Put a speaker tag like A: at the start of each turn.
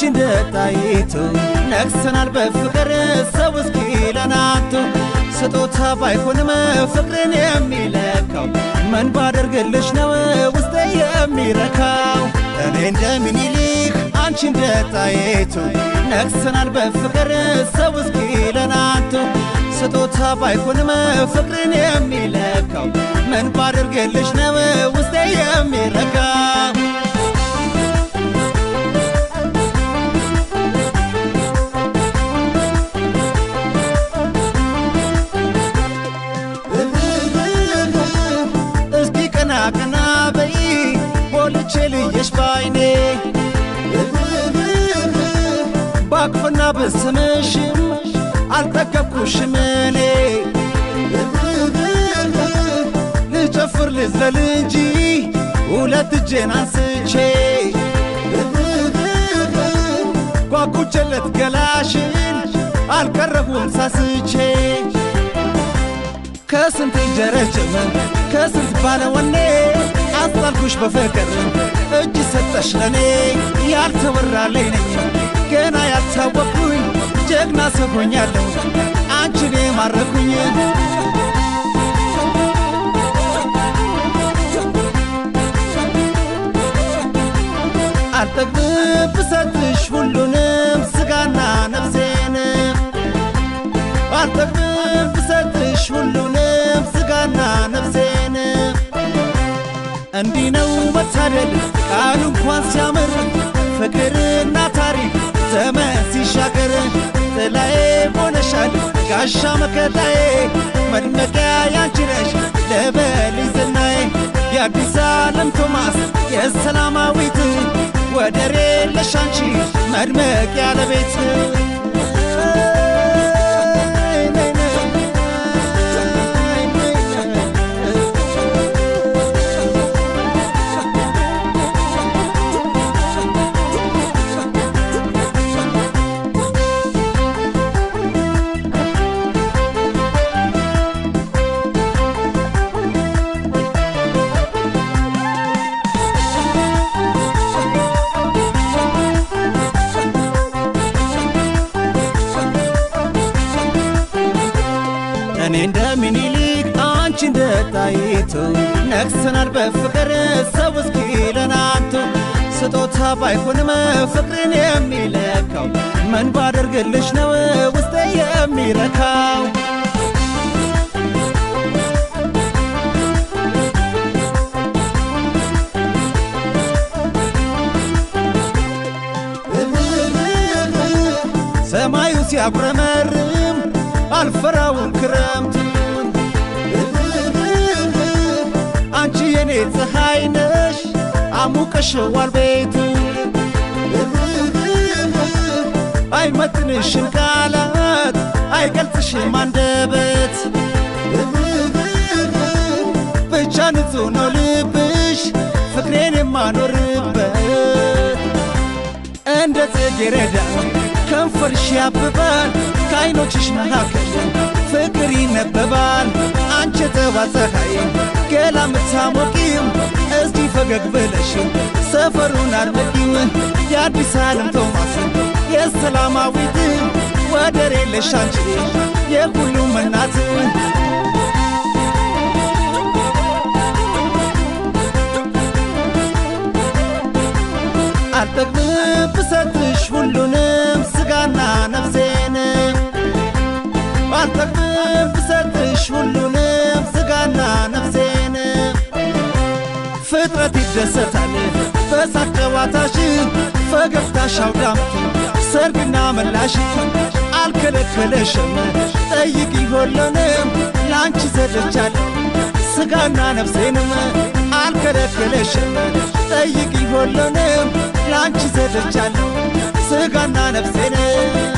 A: አንቺ እንደጣይቱ ነግሰናል በፍቅር ሰው እስኪለን አንቱ ስጦታ ባይሆንም ፍቅርን የሚለካው ምን ባደርግልሽ ነው ውስጤ የሚረካው እኔ እንደ ምኒልክ አንቺ እንደ ጣይቱ ነግሰናል በፍቅር ሰው እስኪለን አንቱ ስጦታ ባይሆንም ፍቅርን የሚለካው ምን ባደርግልሽ ነው ውስጤ የሚረካው ብዬሽ ባይኔ ባቅፍና ብስምሽም አልጠገብኩሽም እኔ ልጨፍር ልዝለል እንጂ ሁለት እጄን አንስቼ ጓጉቼለት ገላሽን አልቀረቡም ሳስቼ ከስንት ጀረጀመን ከስንት ባለወኔ አስጣልኩሽ በፍቅር እጅ ሰጠሽ ለኔ ያልተወራልኝ ነኝ ገና ያልታወቅኩኝ ጀግና ሰጎኛለሁ አንቺን የማረኩኝ አልጠግብ ብሰጥሽ ሁሉንም ስጋና ነፍሴን አልጠግብ ብሰጥሽ ሁሉንም ስጋና ነፍሴን እንዲህ ነው ታደል! ቃሉ እንኳን ሲያምር ፍቅርና ታሪክ ዘመን ሲሻገር ጥላዬ ሆነሻል ጋሻ መከታዬ መድመቂያ ያንቺ ነሽ ለበል ዝናዬ የአዲስ ዓለም ቶማስ የሰላማዊት ወደር የለሽ አንቺ መድመቂያ ለቤት ታይቱ ነግሰናል በፍቅር ሰው እስኪለን አንቱ ስጦታ ባይሆንም ፍቅርን የሚለካው ምን ባደርግልሽ ነው ውስጤ የሚረካው ሰማዩ ሲያጉረመርም አልፈራውን ክረምት ፀሐይ ነሽ አሙቀሸዋል ቤቱ አይመጥንሽም ቃላት አይገልጽሽም አንደበት ብቻ ንጹህ ነው ልብሽ ፍቅሬን የማኖርበት እንደ ጽጌረዳ ከንፈርሽ ያብባል ከዓይኖችሽ መካከል ፍቅር ይነበባል አንቺ የተባል ገላ ምታሞቂም እስቲ ፈገግ ብለሽ ሰፈሩን አድመቂም የአዲስ ዓለም ቶማስ የሰላማዊት ወደር የለሽ አንቺ የሁሉም እናት ይደሰታል በሳቅ ጨዋታሽን ፈገግታሽ አውዳምቱ ሰርግና መላሽ አልከለከለሽም ጠይቅ ይሆለንም ለአንቺ ዘደቻለ ስጋና ነፍሴንም አልከለከለሽም ጠይቅ ይሆለንም ለአንቺ ዘደቻለ ስጋና ነፍሴንም